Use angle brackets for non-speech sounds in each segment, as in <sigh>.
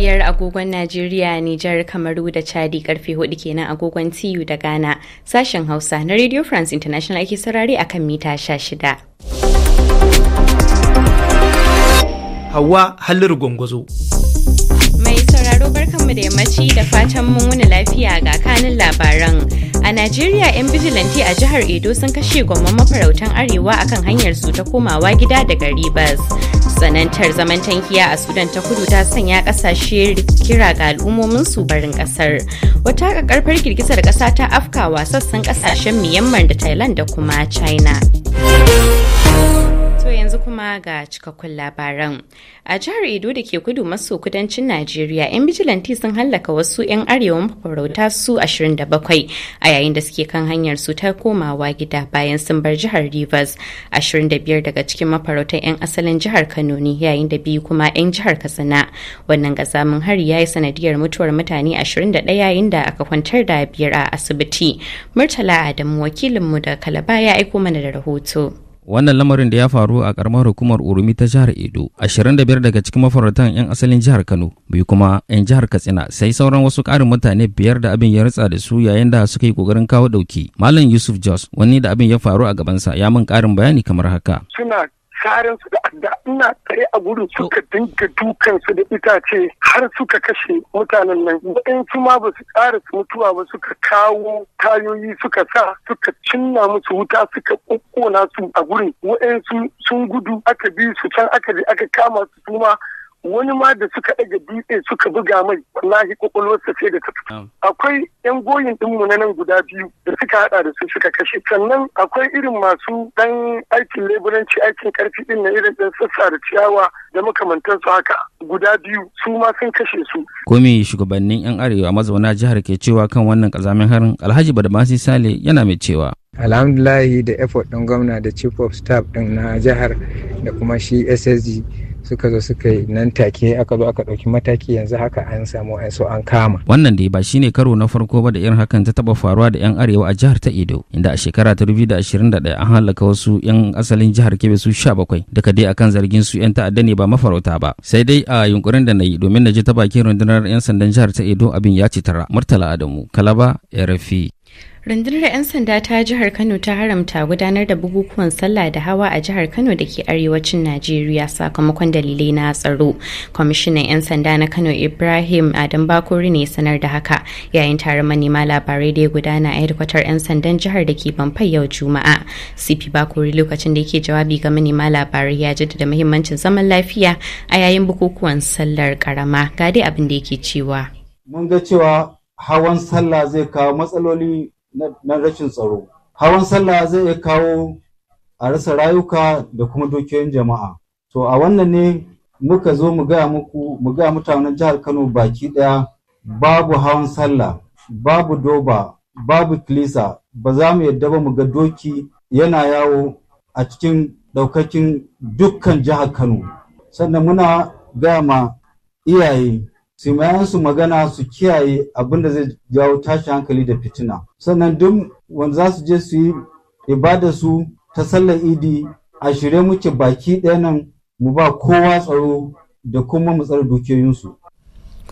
biyar agogon Najeriya, Nijar, Kamaru da Chadi karfe hudu kenan agogon TU da Ghana. Sashen Hausa na Radio France International ake sarari akan mita sha shida. Hawa Halliru Gwangwazo. Mai sauraro barkanmu da yammaci da fatan mun wani lafiya ga kanin labaran. A Najeriya 'yan bijilanti a jihar Edo sun kashe gwamman mafarautan Arewa akan hanyar su ta komawa gida daga Ribas. tsanantar zaman tankiya a sudan ta kudu ta sanya kasashe kira ga al'ummomin su barin kasar wata kakarfar girgizar kasa ta afkawa sassan kasashen myanmar da thailand da kuma china yanzu kuma ga cikakkun labaran. A jihar Edo da ke kudu maso kudancin Najeriya, 'yan bijilanti sun hallaka wasu 'yan arewa mafarauta su 27 a yayin da suke kan hanyar su ta komawa gida bayan sun bar jihar Rivers. 25 daga cikin mafarauta 'yan asalin jihar Kano ne yayin da biyu kuma 'yan jihar Katsina. Wannan gazamin hari ya yi sanadiyar mutuwar mutane 21 yayin da aka kwantar da biyar a asibiti. Murtala Adamu wakilinmu da Kalaba ya aiko mana da rahoto. wannan lamarin da ya faru a karamar hukumar urumi ta jihar edo ashirin da biyar daga cikin mafarautan 'yan asalin jihar kano bai kuma 'yan jihar katsina sai sauran wasu karin mutane biyar da abin ya ritsa da su yayin da suka yi kokarin kawo dauki malam yusuf jos wani da abin ya faru a gabansa ya min karin bayani kamar haka suna sarin su da adda ina tsaye a gurin suka dinga dukan su da itace har suka kashe mutanen nan waɗansu ma basu kara ƙara su mutuwa ba suka kawo tayoyi suka sa suka cinna musu wuta suka ƙoƙona su a gurin waɗansu sun gudu aka bi su can aka je aka kama su suma wani ma da suka ɗaga dutse suka buga mai wallahi kwakwalwarsa sai da ta fito akwai yan goyin ɗinmu na nan guda biyu da suka haɗa da su suka kashe sannan akwai irin masu ɗan aikin leburanci aikin karfi din na irin ɗan sassa da ciyawa da makamantansu haka guda biyu su ma sun kashe su. Komi shugabannin 'yan arewa mazauna jihar ke cewa kan wannan kazamin harin Alhaji Badamasi Sale yana mai cewa. Alhamdulahi da effort ɗin gwamna da chief of staff ɗin na jihar da kuma shi SSG suka zo suka yi nan take aka zo aka ɗauki mataki yanzu haka an samu an so an kama. Wannan dai ba shine karo na farko ba da irin hakan ta taɓa faruwa da 'yan arewa a jihar ta Edo inda a shekara ta 2021 an halaka wasu 'yan asalin jihar Kebbi su 17 daga dai akan zargin su 'yan ta'adda ne ba mafarauta ba. Sai dai a yunkurin da na yi domin na ji ta bakin rundunar 'yan sandan jihar ta Edo abin ya ci tara. Murtala Adamu, Kalaba, RFI. rundunar 'yan sanda ta jihar kano ta haramta gudanar da bukukuwan sallah da hawa a jihar kano da ke arewacin najeriya sakamakon dalilai na tsaro kwamishinan 'yan sanda na kano ibrahim adam bakori ne sanar da haka yayin taron manema labarai da ya gudana a hedkwatar 'yan sandan jihar da ke bamfai yau juma'a cp bakori lokacin da yake jawabi ga manema labarai ya jaddada muhimmancin zaman lafiya a yayin bukukuwan sallar karama ga dai abin da yake cewa mun ga cewa hawan sallah zai kawo matsaloli na rashin tsaro hawan sallah zai kawo a rasa rayuka da kuma dukiyoyin jama'a to a wannan ne muka zo mu gaya muku mu gaya mutanen jihar Kano baki daya babu hawan sallah babu doba babu kilisa ba za mu yadda ba mu ga doki yana yawo a cikin daukakin dukkan jihar Kano sannan muna gama iyaye su mayansu magana su kiyaye abin da zai jawo tashi hankali da fitina sannan duk wanda za su je su yi ibada su ta sallar idi a shirye muke baki ɗaya nan mu ba kowa tsaro da kuma mu tsare dukiyoyinsu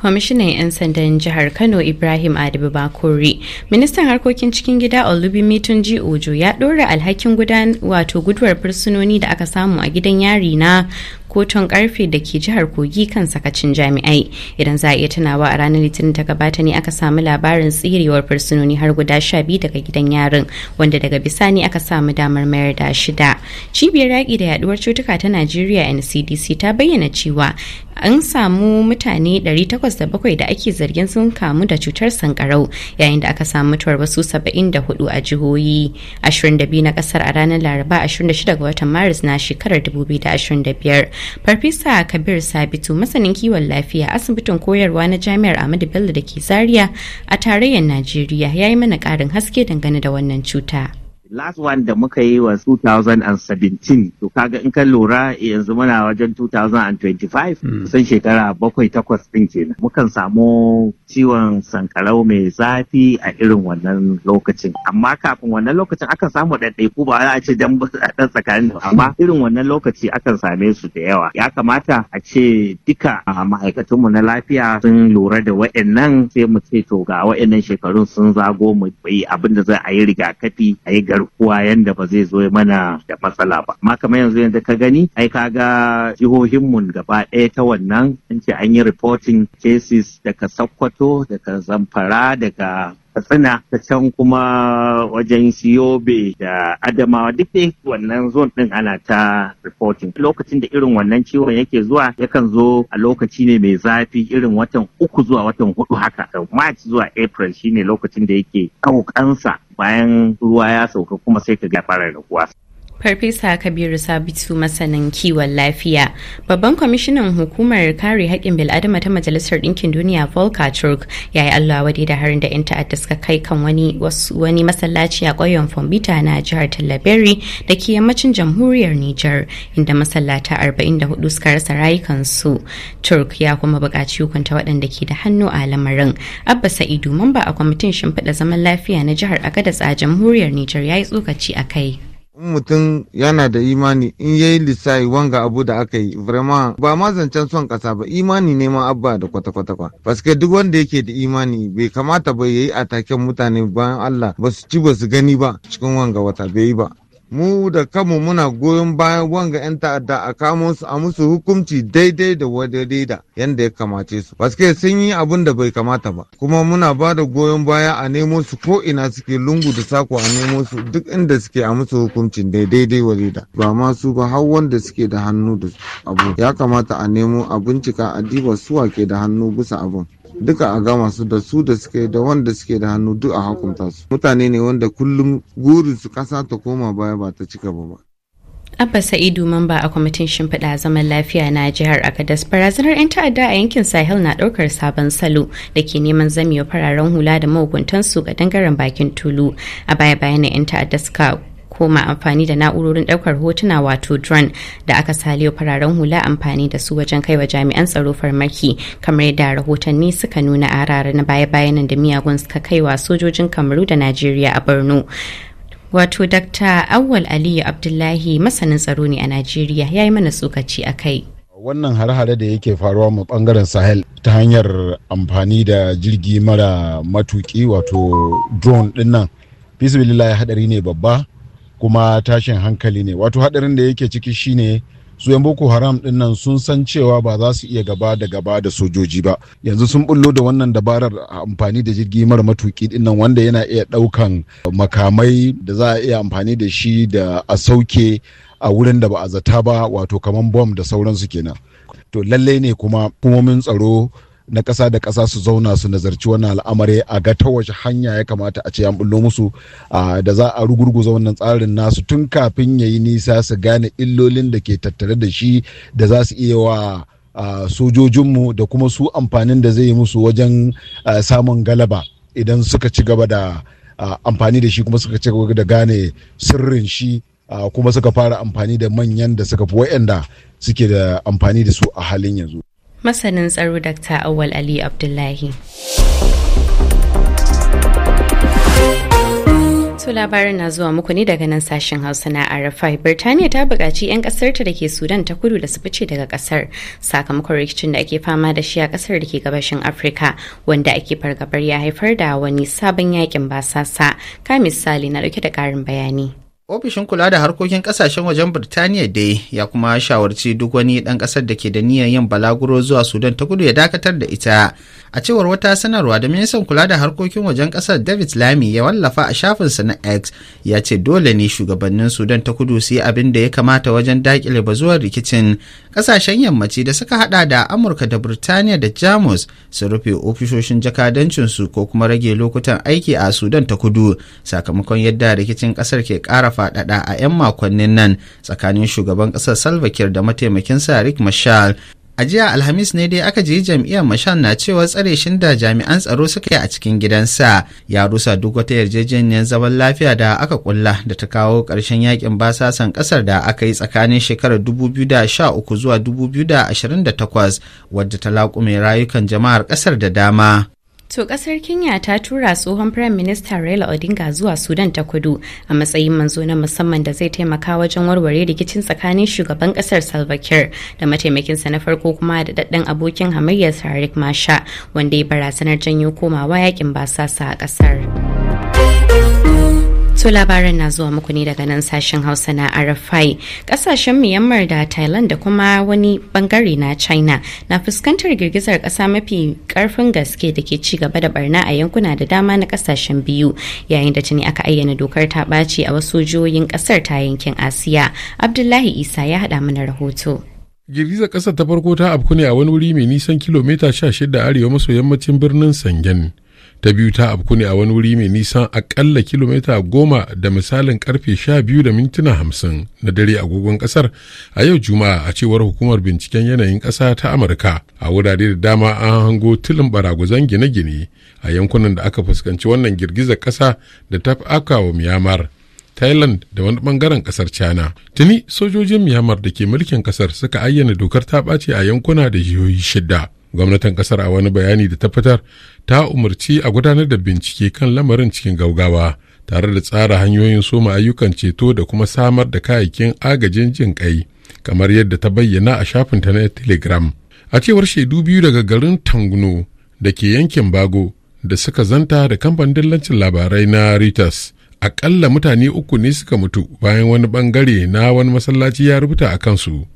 kwamishinan 'yan sandan jihar kano ibrahim adibu bakori ministan harkokin cikin gida olubimi ji ojo ya ɗora alhakin wato guduwar fursunoni da aka samu a gidan yari na kotun karfe da ke jihar kogi kan sakacin jami'ai idan za a iya tunawa a ranar litinin ta gabata ne aka samu labarin tsirewar fursunoni har guda sha biyu daga gidan yarin wanda daga bisani aka samu damar mayar da shida cibiyar yaƙi da yaduwar cutuka ta najeriya ncdc ta bayyana cewa an samu mutane 807 da ake zargin sun kamu da cutar sankarau yayin da aka samu mutuwar wasu 74 a jihohi 22 na kasar a ranar laraba 26 ga watan maris na shekarar 2025 Farfesa Kabir Sabitu masanin kiwon lafiya asibitin koyarwa na Jami'ar Ahmadu Bello da ke Zaria a tarayyar Najeriya ya yi mana ƙarin haske dangane da wannan cuta. last one da muka yi wa 2017 to kaga in ka lura yanzu muna wajen 2025 Sun hmm. shekara bakwai takwas din kenan mukan samu ciwon sankarau mai zafi a irin wannan lokacin amma kafin wannan lokacin akan samu ɗaiɗaiku ba a ce dan dan tsakanin amma irin wannan lokaci akan same su da yawa ya kamata a ce duka ma'aikatanmu na lafiya sun lura da wa'annan sai mu ce to ga wa'annan shekarun sun zago mu yi abin da za a yi rigakafi a yi garkuwa yanda ba zai zo mana da matsala ba amma kamar yanzu yanda ka gani ai kaga jihohin mun gaba ɗaya ta wannan an ce an yi reporting cases daga Sokoto daga Zamfara daga katsina ta can kuma wajen siyobe da adamawa duk dai wannan zon din ana ta reporting lokacin da irin wannan ciwon yake zuwa yakan zo a lokaci ne mai zafi irin watan uku zuwa watan hudu haka Da march zuwa april shine lokacin da yake kaukansa bayan ruwa ya sauka kuma sai ka ga fara raguwa. Farfesa Kabiru Sabitu masanin kiwon lafiya. Babban kwamishinan hukumar kare haƙƙin bil'adama ta Majalisar Ɗinkin Duniya Volker Turk ya yi Allah wade da harin da 'yan ta'adda suka kai kan wani wani masallaci a ƙauyen Fombita na jihar Tallaberi da ke yammacin jamhuriyar Nijar inda masallata 44 suka rasa rayukansu. Turk ya kuma buƙaci hukunta waɗanda ke da hannu a lamarin. Abba Sa'idu mamba a kwamitin shimfiɗa zaman lafiya na jihar Agadas a jamhuriyar Nijar ya yi tsokaci a kai. in mutum yana da imani in yayi lissafi wanga abu da aka yi vraiment ba ma zancen son kasa ba imani ne ma abba da kwata kwata kwa paske duk wanda yake da imani bai kamata ba ya yayi ataken mutane bayan Allah ba su ci ba su gani ba cikin wanga wata bai yi ba mu da kanmu muna goyon bayan wanga 'yan ta'adda a kamo su a musu hukunci daidai da wadadai da yadda ya kamace su paske sun yi abin da bai kamata ba kuma muna ba da goyon baya a nemo su ko ina suke lungu da sako a nemo su duk inda suke a musu hukuncin daidai da wadadai ba ma su ba har wanda suke da hannu da abu ya kamata a nemo a bincika a diba su ke da hannu bisa abun duka a gama su da su da suke da wanda suke da hannu duk a hukunta su mutane ne wanda kullum gurin su kasa ta koma baya ba ta ci gaba ba Abba Sa'idu mamba a kwamitin shimfiɗa zaman lafiya na jihar Agadas barazanar 'yan ta'adda a yankin Sahel na ɗaukar sabon salo da ke neman zamewa fararen hula da mahukuntansu ga dangaren bakin tulu. A baya na 'yan ta'adda suka koma amfani da na'urorin ɗaukar hotuna wato drone da aka saliyo fararen hula amfani da su wajen kaiwa jami'an tsaro farmaki kamar yadda rahotanni suka nuna a rara na baya-bayanan da miyagun suka kaiwa sojojin kamaru da najeriya a borno wato dr awwal aliyu abdullahi masanin tsaro ne a najeriya ya yi mana tsokaci a kai wannan har-hare da yake faruwa mu bangaren sahel ta hanyar amfani da jirgi mara matuki wato drone dinnan nan hadari ne babba kuma tashin hankali ne wato hadarin da yake ciki shine su yan boko haram ɗinnan sun san cewa ba za su iya gaba da gaba da sojoji ba yanzu sun bullo da wannan dabarar amfani da jirgi mara matuki ɗinnan wanda yana iya daukan makamai da za a iya amfani da shi da a sauke a wurin da ba a zata ba wato kaman bom da sauransu kenan to lalle ne kuma hukumomin tsaro na ƙasa da ƙasa su zauna su nazarci wannan al'amari a ga ta wace hanya ya kamata a ce an bullo musu da za a rugurguza wannan tsarin nasu tun kafin ya yi nisa su gane illolin da ke tattare da shi da za su iya wa sojojinmu da kuma su amfanin da zai yi musu wajen samun galaba idan suka ci gaba da amfani da shi kuma suka ci gaba da gane sirrin shi kuma suka fara amfani da manyan da suka fi wa'anda suke da amfani da su a halin yanzu. masanin tsaro Dr. Awal Ali Abdullahi. wasu labarin na zuwa muku ne daga nan sashen Hausa na Arafai. Birtaniya ta buƙaci 'yan ƙasarta da ke Sudan ta kudu da su fice daga ƙasar sakamakon rikicin da ake fama da shi a ƙasar da ke gabashin Afirka wanda ake fargabar ya haifar da wani sabon yakin basasa. Ka misali na ɗauke da ƙarin bayani. Ofishin kula da harkokin kasashen wajen Birtaniya dai ya kuma shawarci duk wani ɗan ƙasar da ke da niyyar yin balaguro zuwa Sudan ta kudu ya dakatar da ita. A cewar wata sanarwa da ministan kula da harkokin wajen ƙasar David lamy ya wallafa a shafin shafinsa na X ya ce dole ne shugabannin Sudan ta kudu su yi abin da ya kamata wajen daƙile bazuwar rikicin. Ƙasashen yammaci da suka haɗa da Amurka da Birtaniya da Jamus su rufe ofishoshin jakadancinsu ko kuma rage lokutan aiki a Sudan ta kudu sakamakon yadda rikicin ƙasar ke ƙara faɗaɗa a 'yan makonnin nan tsakanin shugaban ƙasar Salva Kiir da mataimakinsa Rick Mashal a jiya alhamis ne dai aka je jam'iyyar mashan na cewa tsare shin da jami'an tsaro suka yi a cikin gidansa ya rusa duk wata yarjejeniyar zaman lafiya da aka kulla da ta kawo ƙarshen yakin basasan ƙasar da aka yi tsakanin shekarar 2013 zuwa 2028 wadda ta laƙume rayukan jama'ar ƙasar da dama To kasar Kenya ta tura tsohon Prime Minister Raila Odinga zuwa Sudan ta kudu a matsayin manzo na musamman da zai taimaka wajen warware rikicin tsakanin shugaban kasar Salva Kiir da mataimakinsa na farko kuma da daddan abokin hamayyar Riek Masha wanda ya barazanar janyo komawa yakin basasa a kasar. To labaran na zuwa muku ne daga nan sashen Hausa na Arafai. Kasashen Myanmar da Thailand da kuma wani bangare na China na fuskantar girgizar kasa mafi karfin gaske da ke ci gaba da barna a yankuna da dama na kasashen biyu yayin da tuni aka ayyana dokar ta ɓaci a wasu jihohin kasar ta yankin Asiya. Abdullahi Isa ya haɗa mana rahoto. girgizar ƙasar ta farko ta afku ne a wani wuri mai nisan kilomita 16 arewa maso yammacin birnin sangen ta biyu ta afku ne a wani wuri mai nisan akalla kilomita goma da misalin karfe sha biyu da mintuna hamsin na dare agogon kasar a yau juma'a a cewar hukumar binciken yanayin kasa ta amurka a wurare da dama an hango tilin baraguzan gine-gine a yankunan da aka fuskanci wannan girgizar kasa da ta aka wa myanmar thailand da wani bangaren kasar china tuni sojojin myanmar da ke mulkin kasar suka ayyana dokar ta ɓace a yankuna da jihohi shidda. gwamnatin kasar a wani bayani da ta fitar ta umarci a gudanar da bincike kan lamarin cikin gaugawa tare da tsara hanyoyin soma ayyukan ceto da kuma samar da kayayyakin agajin jin kai kamar yadda ta bayyana a shafin ta na telegram a cewar shaidu biyu daga garin tangno da ke yankin bago da suka zanta da kamfanin dillancin labarai na reuters akalla mutane uku ne suka mutu bayan wani bangare na wani masallaci ya rubuta a kansu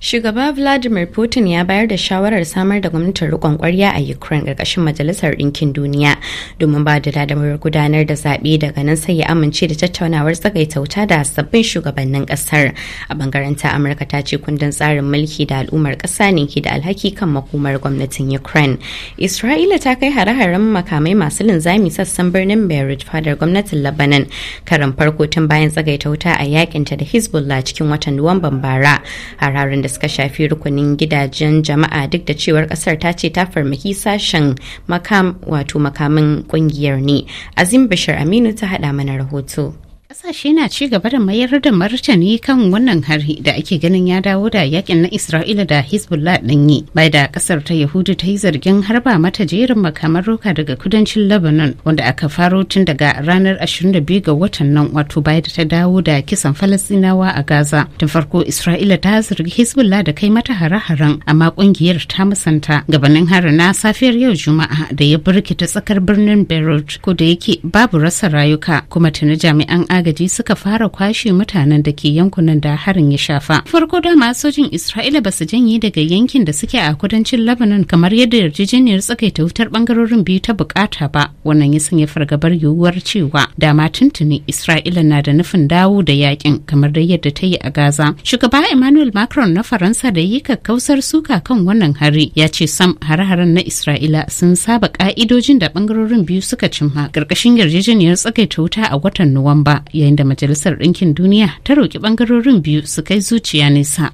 Shugaba Vladimir Putin ya bayar da shawarar samar da gwamnatin rikon kwarya a Ukraine ƙarƙashin Majalisar Ɗinkin Duniya domin ba da damar gudanar da zaɓe daga nan sai ya amince da tattaunawar tsagaita wuta da sabbin shugabannin ƙasar. A bangaren ta Amurka ta ce kundin tsarin mulki da al'ummar ƙasa ne ke da alhaki kan makomar gwamnatin Ukraine. Isra'ila ta kai hare-haren makamai masu linzami sassan birnin Beirut fadar gwamnatin Lebanon karan farko tun bayan tsagaita wuta a yakinta da Hezbollah cikin watan Nuwamban bara. Hararin da da suka shafi rukunin gidajen jama'a duk da cewar kasar ta ce ta farmaki sashen makam wato makamin ƙungiyar ne. Azim Bashir Aminu ta hada mana rahoto. Ƙasashe na ci gaba da mayar da martani kan wannan hari da ake ganin ya dawo da yakin na Isra'ila da Hezbollah ɗin yi. Bai da ƙasar ta Yahudu ta yi zargin harba mata jerin makaman roka daga kudancin Lebanon wanda aka faro tun daga ranar 22 ga watan nan wato bai da ta dawo da kisan Falasɗinawa a Gaza. Tun farko Isra'ila ta zargi Hezbollah da kai mata hare-haren amma ƙungiyar ta musanta gabanin harin na safiyar yau Juma'a da ya birkita tsakar birnin Beirut ko da yake babu rasa rayuka kuma tuni jami'an agaji suka fara kwashe mutanen da ke yankunan da harin ya shafa. Farko dama sojin Isra'ila ba su janye daga yankin da suke a kudancin Lebanon kamar yadda yarjejeniyar tsakaita wutar bangarorin biyu ta bukata ba. Wannan ya sanya fargabar yiwuwar cewa dama tuntuni Isra'ila na da nufin dawo da yakin kamar da yadda ta yi a Gaza. Shugaba Emmanuel Macron na Faransa da yi kakkausar suka kan wannan hari ya ce sam hare-haren na Isra'ila sun saba ka'idojin da bangarorin biyu suka cimma ƙarƙashin yarjejeniyar tsakaita wuta a watan Nuwamba yayin da majalisar ɗinkin duniya ta roƙi ɓangarorin biyu su kai zuciya nesa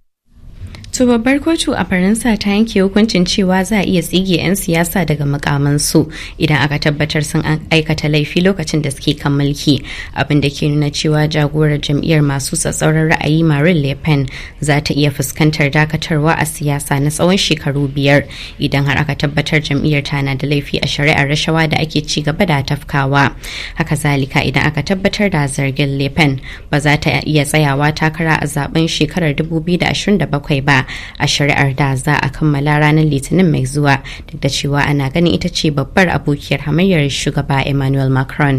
To babbar kotu a Faransa ta yanke hukuncin cewa za a iya tsige 'yan siyasa daga makamansu idan aka tabbatar sun aikata laifi lokacin da suke kan mulki abin da ke nuna cewa jagorar jam'iyyar masu tsatsauran ra'ayi Marine Le Pen za ta iya fuskantar dakatarwa a siyasa na tsawon shekaru biyar idan har aka tabbatar jam'iyyar ta na da laifi a shari'ar rashawa da ake ci gaba da tafkawa. Haka zalika idan aka tabbatar da zargin Le Pen ba za ta iya tsayawa takara a zaben shekarar 2027 ba. a shari'ar da za a kammala ranar litinin mai zuwa duk da cewa ana ganin ita ce babbar abokiyar hamayyar shugaba emmanuel macron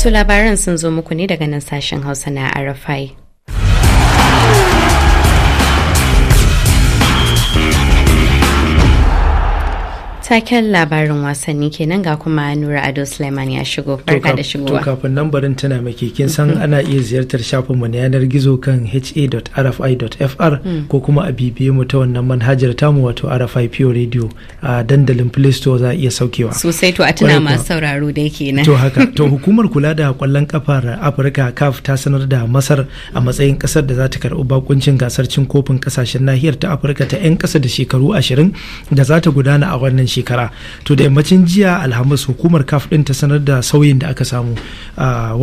su labaran sun zo muku ne daga nan sashen hausa na arafai Taken labarin wasanni kenan ga kuma Nura Ado Suleiman ya shigo doka da shigowa. To kafin nan barin tana mai kin san mm-hmm. ana iya ziyartar shafinmu na yanar gizo kan ha.rfi.fr mm. ko kuma a bibiye mu ta wannan manhajar tamu wato RFI Pure Radio a dandalin Play Store za a iya saukewa. Sosai to a tuna masu sauraro dai kenan. To haka to <laughs> hukumar kula da kwallon kafar Afirka CAF ta sanar da Masar a matsayin kasar da za ta karɓi bakuncin gasar cin kofin kasashen nahiyar ta Afirka ta 'yan kasa da shekaru 20 da za ta gudana a wannan shekara to da yammacin jiya alhamis hukumar kaf din ta sanar da sauyin da aka samu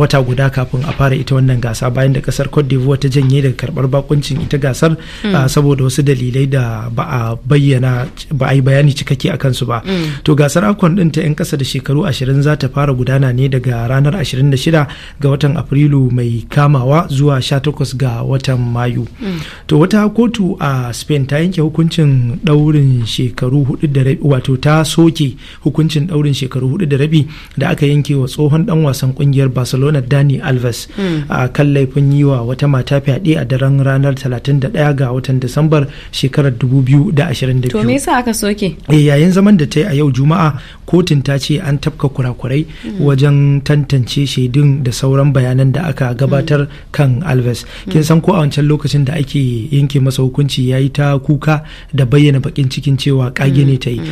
wata guda kafin a fara ita wannan gasa bayan da kasar cote d'ivoire ta janye daga karbar bakuncin ita gasar mm. saboda wasu dalilai da ba a bayyana ba a yi bayani cikakke a kansu ba mm. to gasar akon din ta 'yan kasa da shekaru 20 za ta fara gudana ne daga ranar shida ga watan afrilu mai kamawa zuwa sha takwas ga watan mayu mm. to wata kotu a spain ta yanke hukuncin daurin shekaru hudu da wato ta soke hukuncin daurin shekaru hudu da rabi da aka yanke wa tsohon dan wasan kungiyar barcelona dani alves hmm. a kan laifin yi wa wata mata fyaɗe a daren ranar 31 ga watan disambar shekarar 2022 to me yasa aka soke eh, yayin zaman da ta yi a yau juma'a kotun ta ce an tafka kurakurai hmm. wajen tantance shaidun da sauran bayanan da aka gabatar hmm. kan alves kin san ko a wancan lokacin da ake yanke masa hukunci ya yi ta kuka da bayyana bakin cikin cewa kage ne ta yi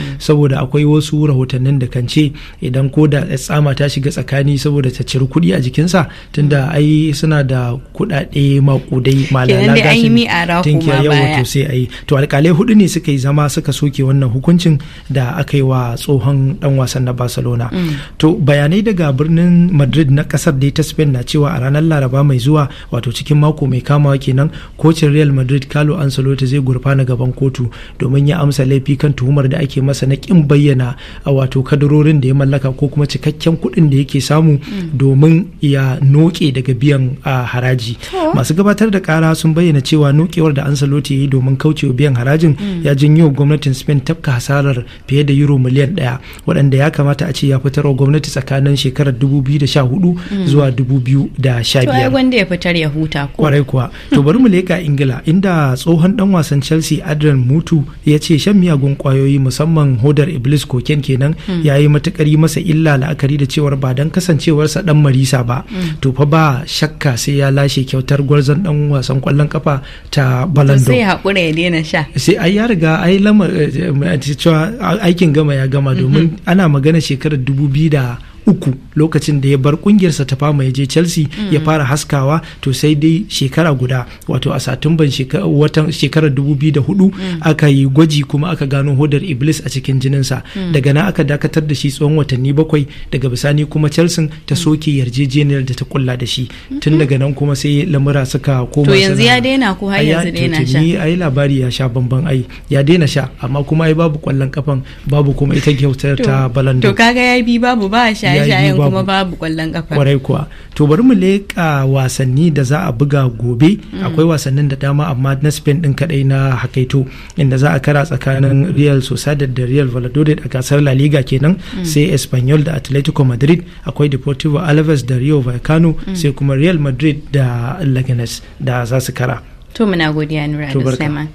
saboda akwai wasu rahotannin da kan ce idan ko da tsama ta shiga tsakani saboda ta ciri kuɗi a jikinsa tunda ai suna da kuɗaɗe makudai malala gashin tinkiya to sai to alƙalai hudu ne suka yi zama suka soke wannan hukuncin da aka yi wa tsohon dan wasan na Barcelona mm. to bayanai daga birnin Madrid na kasar dai ta Spain na cewa a ranar Laraba mai zuwa wato cikin mako mai kamawa kenan kocin Real Madrid Carlo Ancelotti zai gurfana gaban kotu domin ya amsa laifi kan tuhumar da ake masa na ƙin bayyana a wato kadarorin da ya mallaka ko kuma cikakken kuɗin da yake samu mm. domin ya noke daga biyan haraji masu gabatar da kara sun bayyana cewa nokewar da ansaloti ya yi domin kaucewa biyan harajin mm. ya janyo gwamnatin spain tafka hasarar fiye da euro miliyan ɗaya waɗanda ya kamata a ce ya fitarwa gwamnati tsakanin shekarar 2014 mm. zuwa 2015 wanda ya fitar ya huta ko kwarai kuwa to bari mu leka ingila inda tsohon dan wasan chelsea adrian mutu ya ce shan miyagun kwayoyi musamman hodar iblis koken kenan ya yi matukar yi masa illa la'akari da cewar ba don kasancewarsa dan marisa ba to fa ba shakka sai ya lashe kyautar gwarzon dan wasan kwallon kafa ta balando sai hakura ya daina sha sai ai ya riga ai lama eh, eh, aikin gama ya gama domin mhm. ana magana shekarar dubu biyu da uku lokacin da ya bar kungiyarsa ta fama ya je chelsea ya mm. fara haskawa to sai dai shekara guda wato a satumban watan shekarar 2004 mm. aka yi gwaji kuma aka gano hodar iblis a cikin jininsa mm. daga nan aka dakatar da shi tsawon watanni bakwai daga bisani kuma chelsea ta soke yarjejeniyar da ta kulla da shi mm-hmm. tun daga nan kuma sai lamura suka koma to yanzu ya daina ko har yanzu daina sha ai labari ya sha bamban ai ya daina sha amma kuma ai babu kwallon kafan babu kuma ita kyautar ta balando to kaga ya bi babu ba sha yayi kuma babu kwallon kafa kwarai kuwa to bari mu leƙa wasanni da za a buga gobe mm. akwai wasannin da dama amma na Spain din kadai na hakaito inda za a kara tsakanin Real Sociedad da Real Valladolid a gasar La Liga kenan mm. sai Espanyol da Atletico Madrid akwai Deportivo Alaves da Rio Vallecano mm. sai kuma Real Madrid da Leganes da za su kara to muna godiya Nura da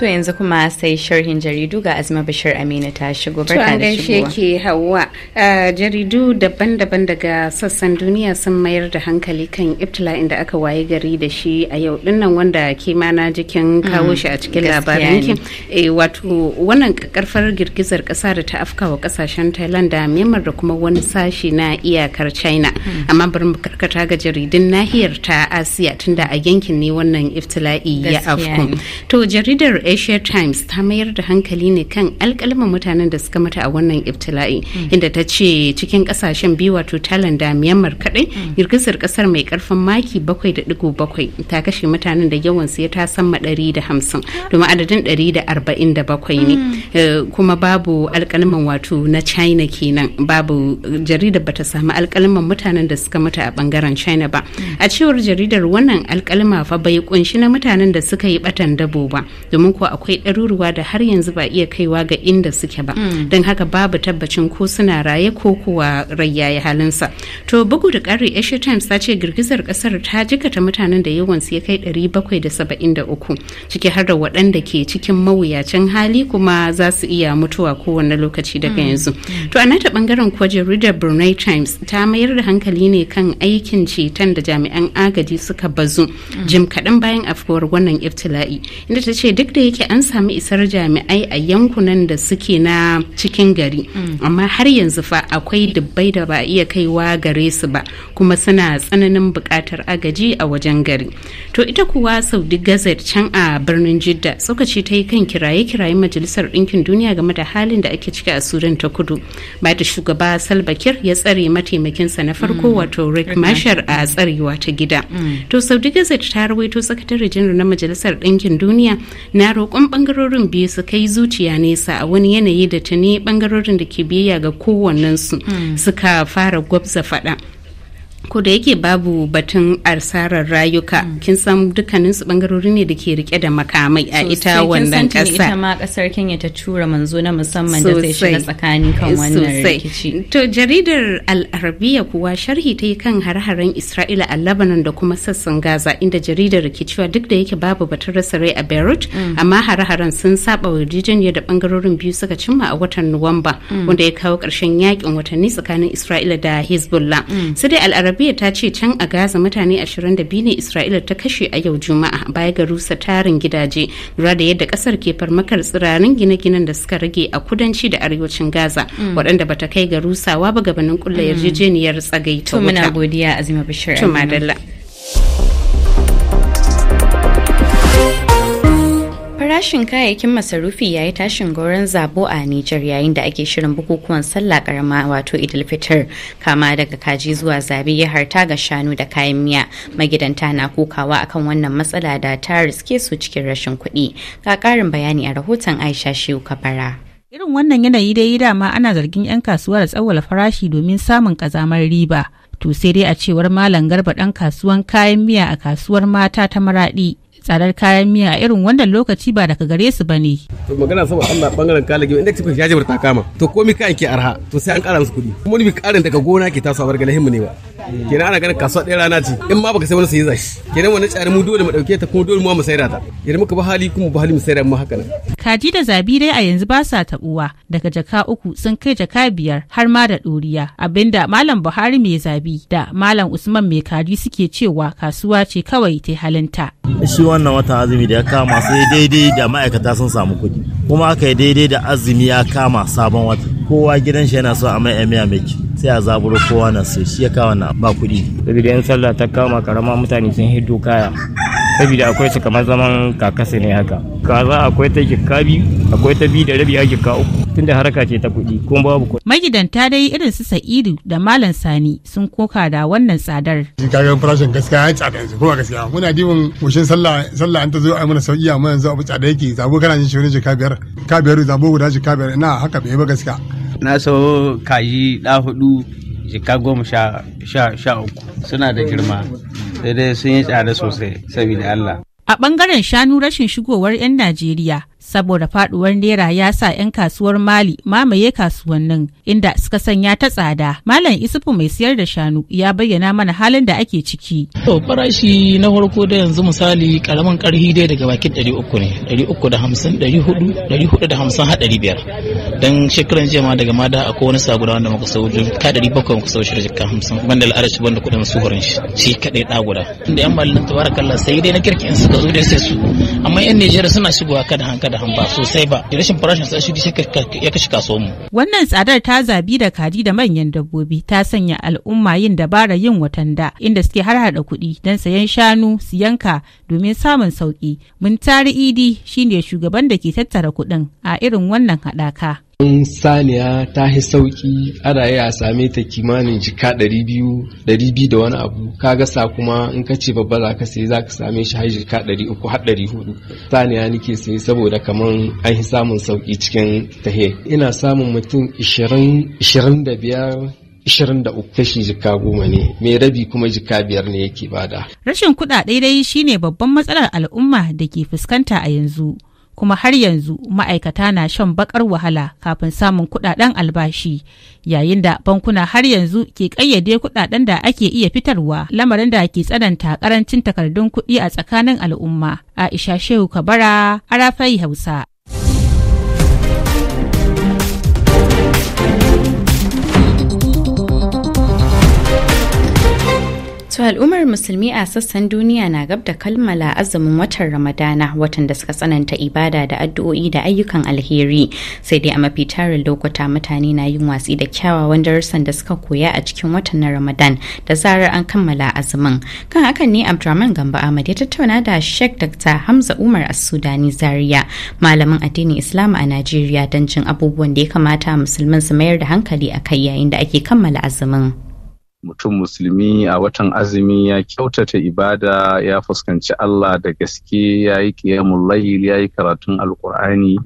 To yanzu kuma sai sharhin jaridu ga azma Bashir amina ta shigo barka da shigowa. ke Hauwa. Jaridu daban-daban daga sassan duniya sun mayar da hankali kan ibtila'in da aka waye gari da shi a yau dinnan wanda ke mana jikin mm, kawo shi a cikin labarin ki. Eh, wato wannan karfar girgizar kasa da ta afka wa kasashen Thailand da Myanmar da kuma wani sashi na iyakar China. Mm. Amma bari mu karkata ga jaridun nahiyar ta Asiya tunda a yankin ne wannan iftila'i ya afku. To jaridar asia times ta mayar da hankali ne kan alkalman mutanen da suka mata a wannan iftila'i mm. inda ta ce cikin kasashen biyu wato thailand da myanmar kadai mm. girgizar kasar mai karfin maki bakwai da ta kashe mutanen da yawan su ya ta sama ɗari da hamsin domin adadin ɗari da arba'in da bakwai ne mm. eh, kuma babu alkalman wato na china kenan babu jaridar bata samu alkalman mutanen da suka mata a bangaren china ba a cewar jaridar wannan alkalma fa bai kunshi na mutanen da suka yi batan dabo ba domin ko akwai ɗaruruwa da har yanzu ba iya kaiwa ga inda suke ba mm. don haka babu tabbacin ko suna raye ko kuwa rayyaye halinsa to bugu da ƙari asia times ta ce girgizar ƙasar ta jikata mutanen da yawan su ya kai bakwai da da saba'in ɗari uku ciki har da waɗanda ke cikin mawuyacin hali kuma za su iya mutuwa kowane lokaci daga mm. yanzu mm. to a nata ɓangaren kuwa jaridar brunei times ta mayar da hankali ne kan aikin ceton da jami'an agaji suka bazu jim kaɗan bayan afkuwar wannan iftila'i inda ta ce duk da yake an sami isar jami'ai a yankunan da suke na cikin gari mm. amma har yanzu fa akwai dubbai da ba iya kaiwa gare su ba kuma suna tsananin buƙatar agaji a wajen gari to ita kuwa saudi gazet can a birnin jidda tsokaci ta yi kan kiraye kiraye majalisar ɗinkin duniya game da halin da ake ciki a sudan ta kudu ba da shugaba salbakir ya tsare mataimakinsa na farko mm. wato rick mashar a tsarewa ta gida mm. to saudi gazet ta rawaito sakatare janar na majalisar ɗinkin duniya na roƙon ɓangarorin biyu su kai zuciya nesa a wani yanayi da tuni ɓangarorin da ke biyayya ga kowannensu mm. suka fara gwabza faɗa ko da yake babu batun arsarar rayuka mm. kin san dukkanin su bangarori ne da ke rike da makamai a ita wannan kasa ita ma kasar Kenya ta tura manzo na musamman da zai shiga tsakani kan wannan rikici to jaridar al arabiya kuwa sharhi ta yi kan har Isra'ila a Lebanon da kuma sassan Gaza inda jaridar ke cewa duk da yake babu batun rasa rai a Beirut mm. amma har sun saba wa yarjejeniyar da bangarorin biyu suka cimma a watan Nuwamba mm. wanda ya kawo ƙarshen yakin watanni tsakanin Isra'ila da Hezbollah sai dai al Arabiya ta ce can a Gaza mutane 22 ne Isra'ila ta kashe a yau Juma'a baya ga rusa tarin gidaje lura da yadda kasar ke farmakar tsirarin gine-ginen da suka rage a kudanci da arewacin Gaza mm. waɗanda bata kai ga rusawa ba gabanin kulla mm. yarjejeniyar tsagaita wuta. godiya Azima Bashir. Farashin kayayyakin masarufi ya yi tashin goron zabo a Nijar yayin da ake shirin bukukuwan sallah karama wato Idil fitar kama daga kaji zuwa zaɓe ya harta ga shanu da kayan miya. Magidanta na kokawa akan wannan matsala da ta riske su cikin rashin kuɗi. Ga ƙarin bayani a rahoton Aisha Shehu Kabara. Irin wannan yanayi dai dama ana zargin 'yan kasuwa da tsawwala farashi domin samun ƙazamar riba. to sai dai a cewar malam garba dan kasuwan kayan miya a kasuwar mata ta maradi tsadar kayan miya a irin wannan lokaci ba daga gare su bane. To magana sama Allah bangaren kala gebe inda ya jajibar ta kama to komai kayan ke arha to sai an kara musu kuɗi kuma ni karin daga gona ke taso a barga lahimu ne ba kenan ana ganin kasuwa ɗaya rana ce in ma baka sai wani sai zai kenan wani tsari mu dole mu dauke ta kuma dole mu mu saida ta idan muka ba hali kuma ba hali mu saida mu haka nan. Kaji da zabi dai a yanzu ba sa tabuwa daga jaka uku sun kai jaka biyar har ma da ɗoriya abinda malam Buhari mai zabi da Malam Usman Mai Kaji suke cewa kasuwa ce kawai ta halinta. shi wannan wata azumi da ya kama sai daidai da ma'aikata sun samu kuɗi kuma aka yi daidai da azumi ya kama sabon wata kowa gidan shi yana so a mai emiya mai sai a zaburo kowa na sai shi ya kawo na ba kuɗi saboda yan sallah ta kama karama mutane sun hiddo kaya saboda akwai su kamar zaman kakasa ne haka kaza akwai ta kikka biyu akwai ta biyu da rabi a kikka uku tunda haraka ce ta kuɗi kuma babu kuɗi. magidanta dai irin su sa'idu da malam sani sun koka da wannan tsadar. shi farashin gaskiya ya tsada yanzu kuma gaskiya muna lokacin sallah sallah an ta zo a mana sauki amma yanzu abu tsada yake zabo kana jin shirin jika biyar ka biyar zabo guda jika biyar ina haka bai ba gaskiya na so kaji da hudu jika goma sha sha uku suna da girma sai dai sun yi tsada sosai saboda Allah a bangaren shanu rashin shigowar 'yan Najeriya saboda faduwar naira ya sa 'yan kasuwar mali mamaye kasuwannin inda suka sanya ta tsada malam isufu mai siyar da shanu ya bayyana mana halin da ake ciki to farashi na farko da yanzu misali karamin karhi dai daga bakin 300 ne 350 400 450 har 500 dan shekaran jiya ma daga mada akwai wani saguna wanda muka sau ka 700 muka sau shi jikka 50 banda al'arashi banda kudin suhurin shi shi kadai da guda inda yan malin tabarakallah sai dai na kirkin suka zo dai sai su amma yan Nijeriya suna shigowa kada han da han ba sosai ba rashin farashin sai shi ya kashe kasuwar mu wannan tsadar ta zabi da kadi da manyan dabbobi ta sanya al'umma yin dabara yin watanda inda suke harhaɗa kuɗi dan sayan shanu su yanka domin samun sauki muntari idi shine shugaban da ke tattara kuɗin a irin wannan haɗaka in saniya ta yi sauki ana iya same ta kimanin jika 200 da wani abu Ka gasa kuma in ka ce babba za ka sai za ka same shi har jika 300 har 400 saniya nake sai saboda kamar an yi samun sauki cikin tahe ina samun mutum 20 25 ishirin da uku kashi jika goma ne mai rabi kuma jika biyar ne yake bada. Rashin kuɗaɗe dai shine babban matsalar al'umma da ke fuskanta a yanzu. kuma har yanzu ma'aikata na shan bakar wahala kafin samun kudaden albashi yayin da bankuna har yanzu ke kayyade kudaden da ake iya fitarwa lamarin da ke tsananta karancin takardun kuɗi a tsakanin al'umma aisha shehu kabara arafai hausa To al'ummar musulmi a sassan duniya na gab da kalmala azumin watan Ramadana watan da suka tsananta ibada da addu'o'i da ayyukan alheri sai dai a mafi tarin lokuta mutane na yin watsi da kyawawan darussan da suka koya a cikin watan na Ramadan da zarar an kammala azumin. Kan hakan ne Abdurrahman gambo Ahmad ya tattauna da Sheikh Dr. Hamza Umar As-Sudani Zaria malamin addinin Islam a Najeriya don jin abubuwan da ya kamata musulmin su mayar da hankali a kai yayin da ake kammala azumin. mutum musulmi a watan azumi ya kyautata ibada ya fuskanci Allah da gaske ya yi ƙiyamun layil ya yi karatun alkur'ani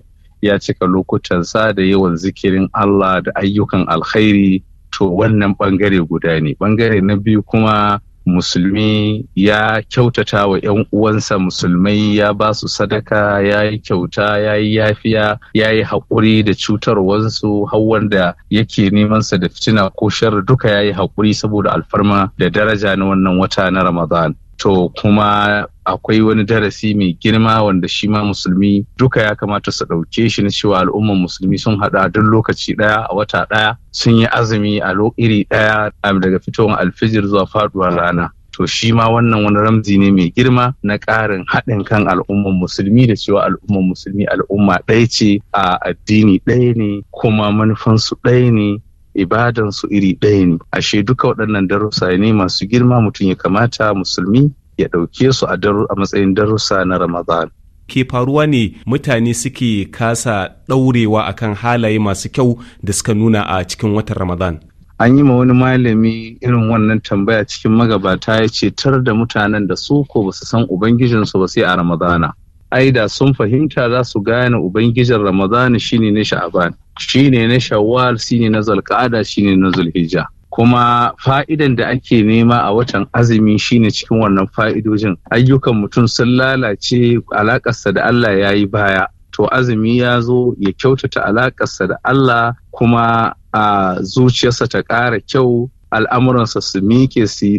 ya cika lokutansa da yawan zikirin Allah da ayyukan alkhairi to wannan bangare guda ne bangare na biyu kuma musulmi ya kyautata wa 'yan uwansa musulmai ya ba su sadaka ya yi kyauta ya yi yafiya ya yi haƙuri da cutarwansu hawan da yake nemansa da fitina ko shar duka ya yi haƙuri saboda alfarma da daraja na wannan wata na ramadan to kuma akwai wani darasi mai girma wanda shi ma musulmi duka ya kamata su ɗauke shi na cewa al'umman musulmi sun haɗa duk lokaci ɗaya a wata ɗaya sun yi azumi a iri ɗaya daga fitowar alfijir zuwa faɗuwar rana to shi ma wannan wani ramzi ne mai girma na ƙarin haɗin kan al'umman musulmi da cewa al'umman musulmi al'umma ɗaya ce a addini ɗaya ne kuma manufansu ɗaya ne ibadan su iri ɗaya ne ashe duka waɗannan darussa ne masu girma mutum ya kamata musulmi ya ɗauke su a matsayin darussa na ramadan ke faruwa ne mutane suke kasa ɗaurewa akan halaye masu kyau da suka nuna a cikin watan ramadan an yi ma wani malami irin wannan tambaya cikin magabata ya ce tar da mutanen da su ko basu san ubangijinsu ba sai a ramadana ai da sun fahimta za su gane ubangijin ramadana shine ne sha'aban shine na shawwal shine na zulqa'ada shine na zulhijja kuma fa'idan da ake nema a watan azumi shine cikin wannan fa'idojin ayyukan mutum sun lalace alakarsa da Allah ya yi baya to azumi ya zo ya kyautata alakarsa da Allah kuma a zuciyarsa ta ƙara kyau al'amuransa su mike su yi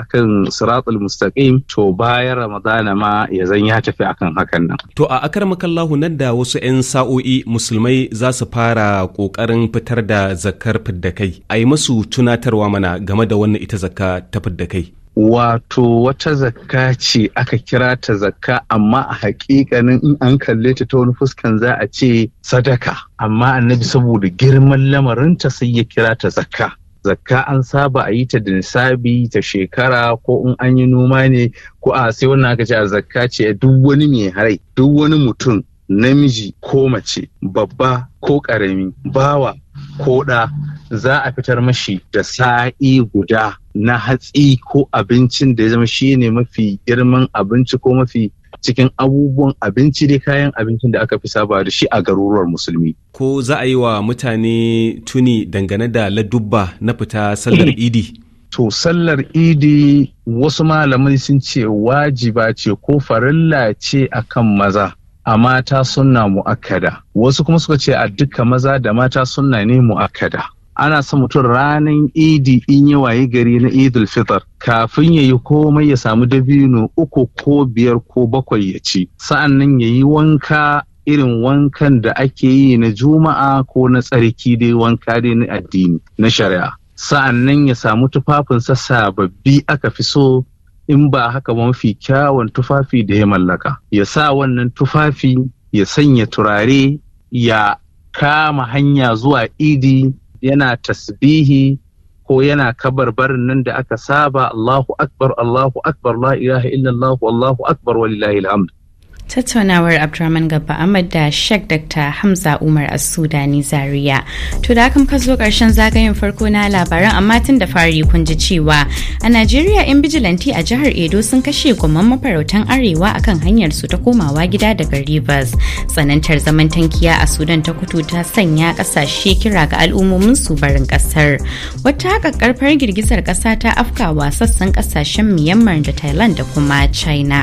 akan siratul mustaqim to bayan ramadana ma ya zan ya tafi akan hakan nan to a akar makallahu nan da wasu 'yan sa'o'i musulmai za su fara ƙoƙarin fitar da zakar fidda kai a yi musu tunatarwa mana game da wannan ita zakka ta fidda kai wato wata zakka ce aka kira ta zakka amma a hakikanin in an kalle ta ta wani fuskan za a ce sadaka amma annabi saboda girman lamarinta sai ya kira ta zakka zakka an saba a yi ta da nisabi ta shekara ko in an yi noma ne ko a sai wannan aka ce a zakka ce duk wani mai harai duk wani mutum namiji ko mace babba ko karami bawa ko ɗa za a fitar mashi da sa'i guda na hatsi ko abincin da ya zama shi ne mafi girman abinci ko mafi cikin abubuwan abinci da kayan abincin da aka fi saba da shi a garuruwar musulmi. Ko za a yi wa mutane tuni dangane da ladubba na fita sallar eh. idi? To sallar idi wasu malamai sun ce wajiba ce ko farilla ce kan maza. a mata suna mu'akkada wasu kuma suka ce a duka maza da mata suna ne mu'akkada ana son mutum ranar idi in yi waye gari na idul fitar kafin ya yi komai ya samu dabino uku ko biyar ko bakwai ya ci sa'an nan ya yi wanka irin wankan da ake yi na juma'a ko na tsarki dai wanka dai na addini na shari'a sa'an nan ya samu tufafinsa sababbi aka fi so in ba haka ba mafi kyawun tufafi da ya mallaka ya sa wannan tufafi ya sanya turare ya kama hanya zuwa idi yana tasbihi ko yana barin nan da aka saba Allahu akbar Allahu akbar la ilaha illallah Allahu akbar walillahi alhamd tattaunawar abdulrahman gabba ahmad da shek dr hamza umar a sudani zaria to da kam ka zo karshen zagayen farko na labaran amma tun da fari kun ji cewa a najeriya yan bijilanti a jihar edo sun kashe gwamman mafarautan arewa akan hanyar su ta komawa gida daga rivers tsanantar zaman tankiya a sudan ta kutu ta sanya kasashe kira ga al'ummomin su barin kasar wata kakkarfar girgizar kasa ta afkawa sassan kasashen myanmar da thailand da kuma china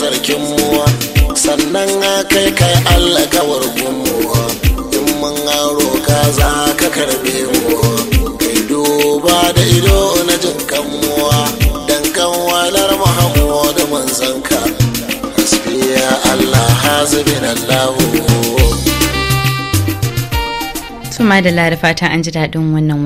sarkin muwa sannan kai kai allah kawar muwa in mun aro ka za ka karbe muwa kai duba da ido na kan muwa dan kan walar muhammadu ka hasbiya allah hazibin allahu kuma da fata an ji daɗin wannan